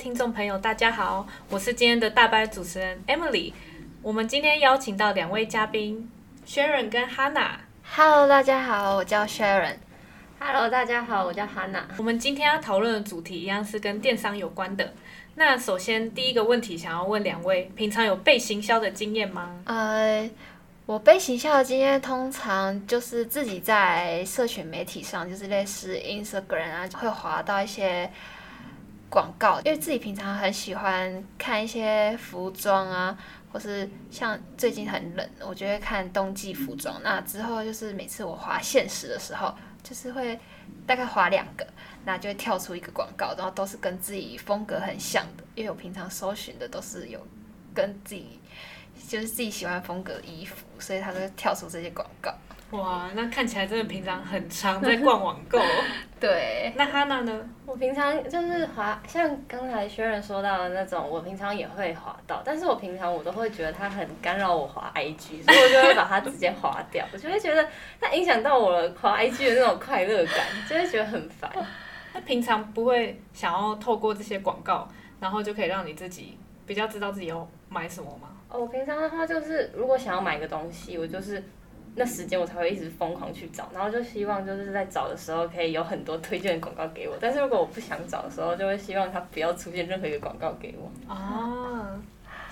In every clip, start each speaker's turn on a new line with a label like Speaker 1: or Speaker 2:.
Speaker 1: 聽眾朋友，大家好，我是今天的大班主持人 Emily。我們今天邀請到兩位嘉賓，Sharon 跟 Hannah。Hello，大家好，我叫 Sharon。Hello，大家好，我叫 Hannah。我們今天要討論的主題一樣是跟電商有關的。那首先第一個問題，想要問兩位，平常有被行銷的經驗嗎？
Speaker 2: 呃、uh,，我被行銷的經驗通常就是自己在社群媒體上，就是類似 Instagram 啊，會滑到一些廣告，因為自己平常很喜歡看一些服裝啊，或是像最近很冷，我就會看冬季服裝。那之後就是每次我滑限時的時候，就是會大概滑兩個，那就會跳出一個廣告，然後都是跟自己風格很像的，因為我平常搜尋的都是有跟自己，就是自己喜歡風格的衣服，所以它就會
Speaker 3: 跳出這些廣告。
Speaker 1: 哇，那看起來真的平常很常在逛網購。
Speaker 3: 對。那 Hannah 呢？我平常就是滑，像剛才 Sharon 說到的那種，我平常也會滑到，但是我平常我都會覺得它很干擾我滑 IG，所以我就會把它直接滑掉。 我就會覺得它影響到我滑 IG 的那種快樂感， 就會覺得很
Speaker 1: 煩。那平常不會想要透過這些廣告，然後就可以讓你自己比較知道自己要買什麼嗎？
Speaker 3: 哦，我平常的話就是，如果想要買個東西，我就是。那時間我才會一直瘋狂去找，然後就希望就是在找的時候可以有很多推薦的廣告給我。但是如果我不想找的時候，就會希望它不要出現任何一個廣告給我。哦，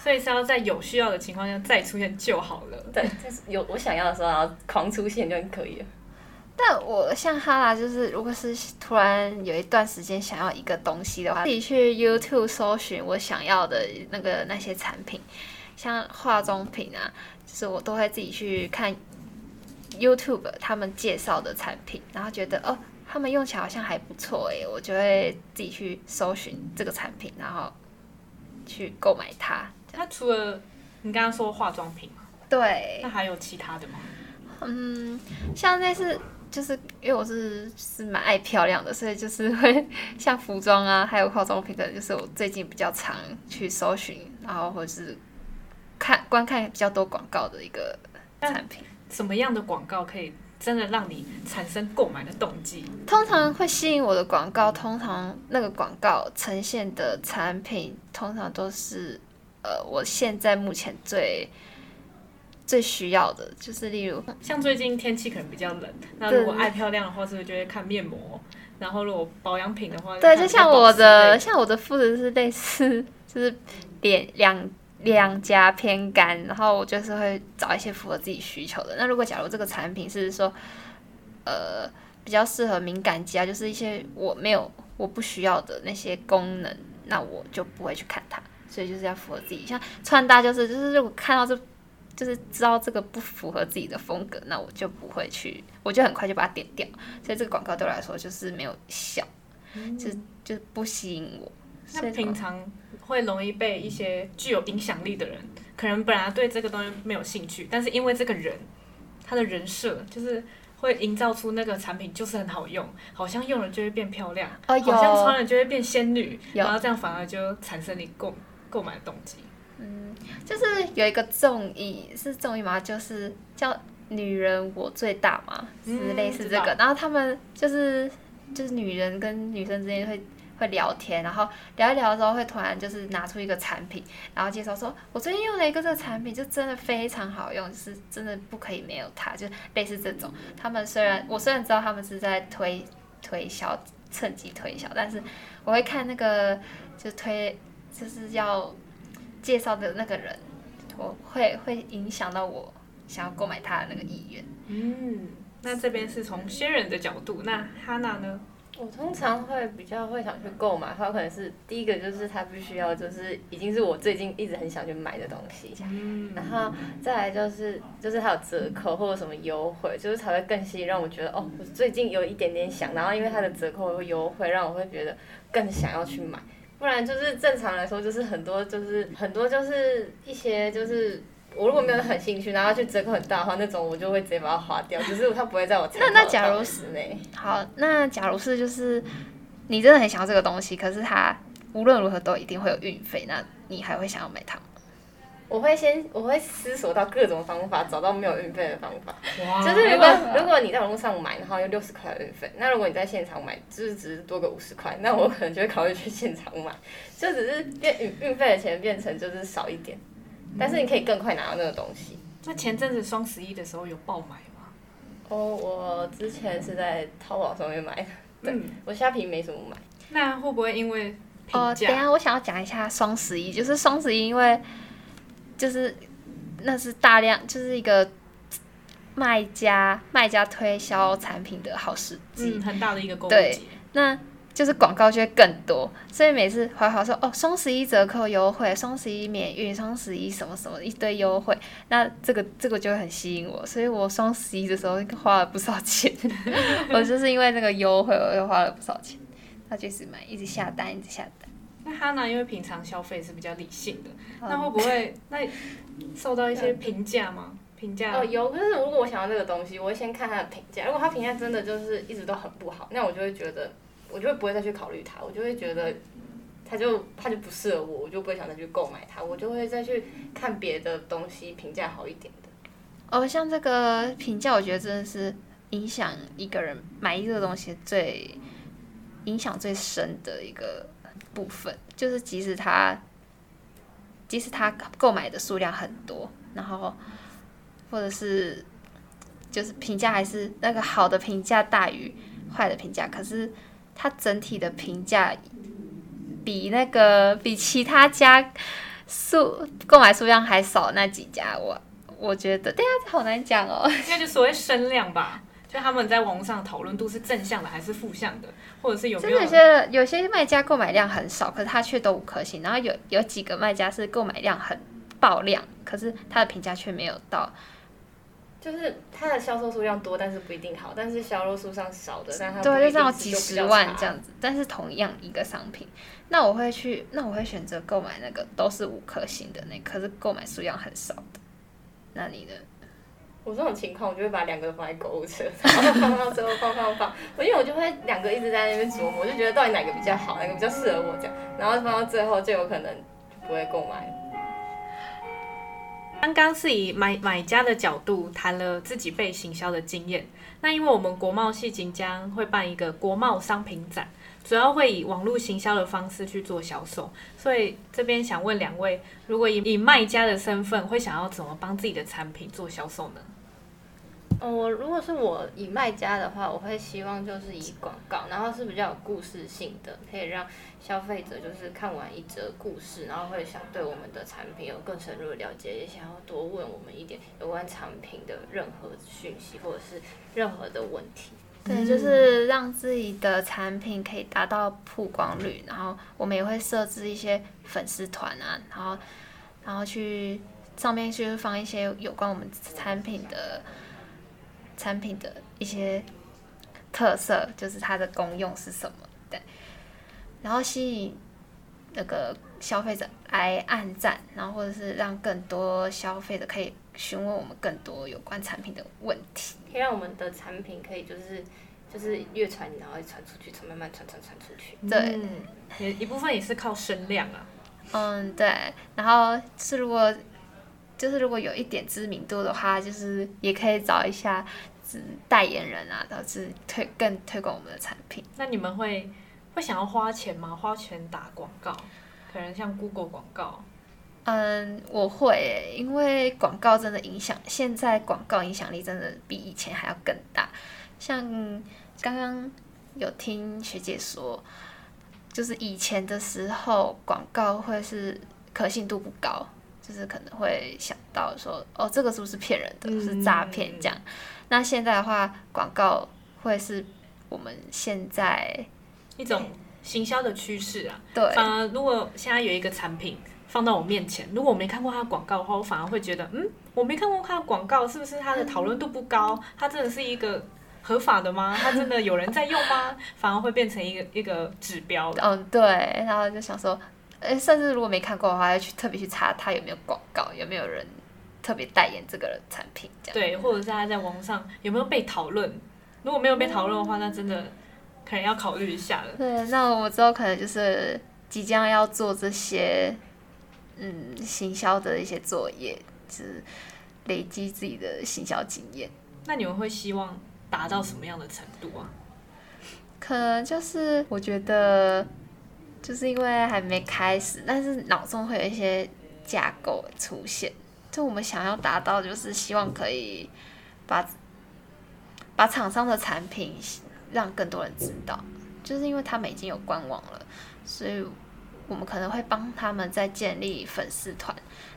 Speaker 3: 所以是要在有需要的情況下再出現就好了。對，就是有我想要的時候，然後狂出現就可以了。
Speaker 2: 但我像哈啦，就是如果是突然有一段時間想要一個東西的話，自己去 YouTube 搜尋我想要的那個那些產品，像化妝品啊，就是我都會自己去看。YouTube 他們介紹的產品，然後覺得哦，他們用起來好像還不錯哎、欸，我就會自己去搜尋這個產品，然後去
Speaker 1: 購買它。它除了你剛剛說化妝品，
Speaker 2: 對，那
Speaker 1: 還有其他的嗎？
Speaker 2: 嗯，像那是就是因為我是，就是蠻愛漂亮的，所以就是會像服裝啊，還有化妝品，可能就是我最近比較常去搜尋，然後或者是看觀看比較多廣告的一個
Speaker 1: 產品。什麼樣的廣告可以真的讓你產生購買的動機？
Speaker 2: 通常會吸引我的廣告，通常那個廣告呈現的產品，通常都是呃，我現在目前最最需要的，就
Speaker 1: 是例如像最近天氣可能比較冷，那如果愛漂亮的話，是不是就會看面膜？然後如果保養品的話的，對，就像我的，
Speaker 2: 像我的膚質是類似，就是點兩。兩頰偏乾，然後我就是會找一些符合自己需求的。那如果假如這個產品是，是說，呃，比較適合敏感肌啊，就是一些我沒有、我不需要的那些功能，那我就不會去看它。所以就是要符合自己。像穿搭就是，就是如果看到這，就是知道這個不符合自己的風格，那我就不會去，我就很快就把它點掉。所以這個廣告對我來說就是沒有
Speaker 1: 效、嗯，就就不吸引我。那平常會容易被一些具有影響力的人，可能本來對這個東西沒有興趣，但是因為這個人，他的人設就是會營造出那個產品就是很好用，好像用了就會變漂亮，好像穿了就會變仙女，呃、有，然後這樣反而就產生你購購買動機。嗯，
Speaker 2: 就是有一個綜藝是綜藝嗎？就是叫《女人我最大》嘛？是類似這個、嗯，然後他們就是就是女人跟女生之間會。會聊天，然後聊一聊的時候，會突然就是拿出一個產品，然後介紹說：“我最近用了一個這個產品，就真的非常好用，就是真的不可以沒有它。”就類似這種。他們雖然我雖然知道他們是在推推銷，趁機推銷，但是我會看那個就推就是要介紹的那個人，我會會影響到我想要購買他
Speaker 1: 的那個意願。嗯，那這邊是從 Sharon 的角度，那 Hannah 呢？
Speaker 3: 我通常會比較會想去購買，它有可能是第一個就是它必須要就是已經是我最近一直很想去買的東西，這樣嗯、然後再來就是就是它有折扣或者什麼優惠，就是才會更吸引讓我覺得哦，我最近有一點點想，然後因為它的折扣優惠讓我會覺得更想要去買，不然就是正常來說就是很多就是很多就是一些就是。我如果沒有很興趣，然後去折扣很大的話，那種我就會直接把它劃掉。只是它不會在我那 那假如是呢？
Speaker 2: 好，那假如是就是你真的很想要這個東西，可是它無論如何都一定會有運費，那你
Speaker 3: 還會想要買它嗎？我會先我會思索到各種方法，找到沒有運費的方法。 就是如果如果你在網絡上買的話，有六十塊的運費，那如果你在現場買，就是只是多個五十塊，那我可能就會考慮去現場買，就只是變運運費的錢變成就是少一點。但是你可以更快拿到那個東西。嗯、那前陣子雙十一的時候有爆買嗎？哦、oh,，我之前是在淘寶上面買的。嗯、 對我蝦皮沒什麼買。那會不會因為哦、呃、等一下我
Speaker 2: 想要講一下雙十一，就是雙十一，因為就是那是大量，就是一個賣家賣家推銷產品的好時機，嗯，很大的一個。對那。就是廣告就會更多，所以每次華華說哦，雙十一折扣優惠，雙十一免運，雙十一什麼什麼一堆優惠，那這個這個就會很吸引我，所以我雙十一的時候花了不少錢， 我就是因為那個優惠，我又花了不少錢，他就是買一直下單，一直下單。那 Hannah
Speaker 1: 呢？因為平常消費是比較理性的，嗯、
Speaker 3: 那會不會那你受到一些評價嗎？評價、啊呃、有，可是如果我想要這個東西，我會先看他的評價，如果他評價真的就是一直都很不好，那我就會覺得。我就會不會再去考慮它，我就會覺得他，它就它就不適合我，我就不會想再去購買它，我就會再去看別的東西，評價好一點的。
Speaker 2: 哦，像這個評價，我覺得真的是影響一個人買一個東西最影響最深的一個部分，就是即使他即使他購買的數量很多，然後或者是就是評價還是那個好的評價大於壞的評價，可是。它整體的評價比那個比其他家數購買數量還少那幾家，我我覺得，對啊，好難講哦。
Speaker 1: 那就是所謂聲量吧，就他們在網上討論度是正向的還是負向的，或者是有沒有真的
Speaker 2: 是有,有些賣家購買量很少，可是他卻都五顆星。然後有有幾個賣家是購買量很爆量，可是他的評價卻沒有到。
Speaker 3: 就是它的銷售數量多，但是不一定好；但是銷售數量少的，但它是對，就是要幾十萬這樣
Speaker 2: 子，但是同樣一個商品，那我會去，那我會選擇購買那個都是五顆星的那，可是購買數量很少的。那你的？
Speaker 3: 我這種情況，我就會把兩個都放在購物車，然後放到最後放放放， 因為我就會兩個一直在那邊琢磨，我就覺得到底哪個比較好，哪個比較適合我這樣，然後放到最後就有可能就不會購買。
Speaker 1: 剛剛是以買買家的角度談了自己被行銷的經驗。那因為我們國貿系即將會辦一個國貿商品展，主要會以網絡行銷的方式去做銷售，所以這邊想問兩位，如果以以賣家的身份，會想要怎麼幫自己的產品做銷售呢？
Speaker 3: 哦，我如果是我以賣家的話，我會希望就是以廣告，然後是比較有故事性的，可以讓消費者就是看完一則故事，然後會想對我們的產品有更深入的了解，也想要多問我們一點有關產品的任何訊息或者是任何的問題。
Speaker 2: 對，就是讓自己的產品可以達到曝光率，嗯、然後我們也會設置一些粉絲團啊，然後然後去上面去放一些有關我們產品的。產品的一些特色，就是它的功用是什麼，對。然後吸引那個消費者來按讚，然後或者是讓更多消費者可以詢問我們更多有關產品的
Speaker 3: 問題。可以讓我們的產品可以就是就是越傳，然後傳出去，傳慢慢傳，傳傳出去。對，也、
Speaker 1: 嗯、一部分也是靠聲量啊。嗯，對。
Speaker 2: 然後是如果。就是如果有一點知名度的話，就是也可以找一下，是代言人啊，導致推更推廣我們的產品。
Speaker 1: 那你們會會想要花錢嗎？花錢打廣告？可能像 Google 廣告。
Speaker 2: 嗯，我會、欸，因為廣告真的影響，現在廣告影響力真的比以前還要更大。像剛剛有聽學姐說，就是以前的時候廣告會是可信度不高。就是可能會想到說，哦，這個是不是騙人的、嗯，是詐騙這樣。那現在的話，廣告會是我們現在
Speaker 1: 一種行銷的趨勢啊。對，反而如果現在有一個產品放到我面前，如果我沒看過它的廣告的話，我反而會覺得，嗯，我沒看過它的廣告，是不是它的討論度不高？它，嗯、真的是一個合法的嗎？它真的有人在用嗎？ 反而會變成一個一個指標。嗯、哦，
Speaker 2: 對，然後就想說。哎、欸，甚至如果沒看過的話，要去特別去查它有沒有廣告，有沒有人特別代言這個產品，
Speaker 1: 這樣對，或者是他在網上有沒有被討論。如果沒有被討論的話、嗯，那真的可能要考慮一
Speaker 3: 下了。
Speaker 2: 對，那我之後可能就是即將要做這些，嗯，行銷的一些作業，就是累積自己的行銷經
Speaker 1: 驗。那你們會希望達到什麼樣的程度啊？
Speaker 2: 可能就是我覺得。就是因為還沒開始，但是腦中會有一些架構出現。就我們想要達到，就是希望可以把把廠商的產品讓更多人知道。就是因為他們已經有官網了，所以我們可能會幫他們再建立粉絲團，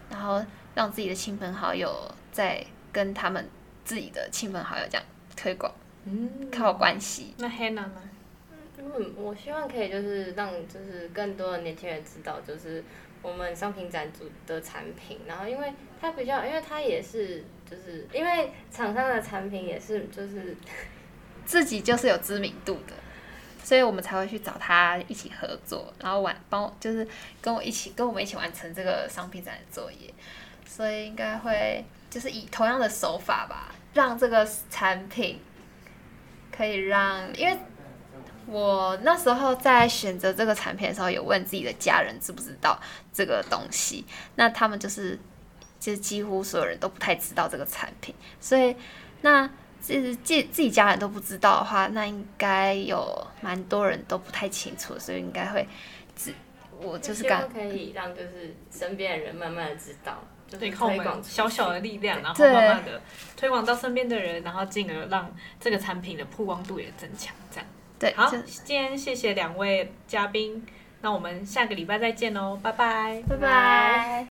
Speaker 2: 然後讓自己的親朋好友再跟他們自己的親朋好友這樣推廣，嗯，靠關係。
Speaker 1: 那 Hannah 呢？
Speaker 3: 嗯，我希望可以就是讓就是更多的年輕人知道，就是我們商品展組的產品。然後，因為它比較，因為它也是就是因為廠商的產品也是就是自己就是有知名度的，所以我
Speaker 2: 們才會去找他一起合作，然後玩包，就是跟我一起跟我們一起完成這個商品展的作業。所以應該會就是以同樣的手法吧，讓這個產品可以讓因為。我那時候在選擇這個產品的時候，有問自己的家人知不知道這個東西，那他們就是，就幾乎所有人都不太知道這個產品，所以那其實自己家人都不知道的話，那應該有蠻多人都不太清楚，所以應該會只，我就是剛可以
Speaker 3: 讓就是身邊的人慢慢的知道，對，就是推廣小小的力量，然後慢慢的推廣到身
Speaker 1: 邊的人，然後進而讓這個產品的曝光度也增強，這樣。好，今天謝謝兩位嘉賓，那我們下個禮拜再見嘍，拜拜，拜拜。拜拜。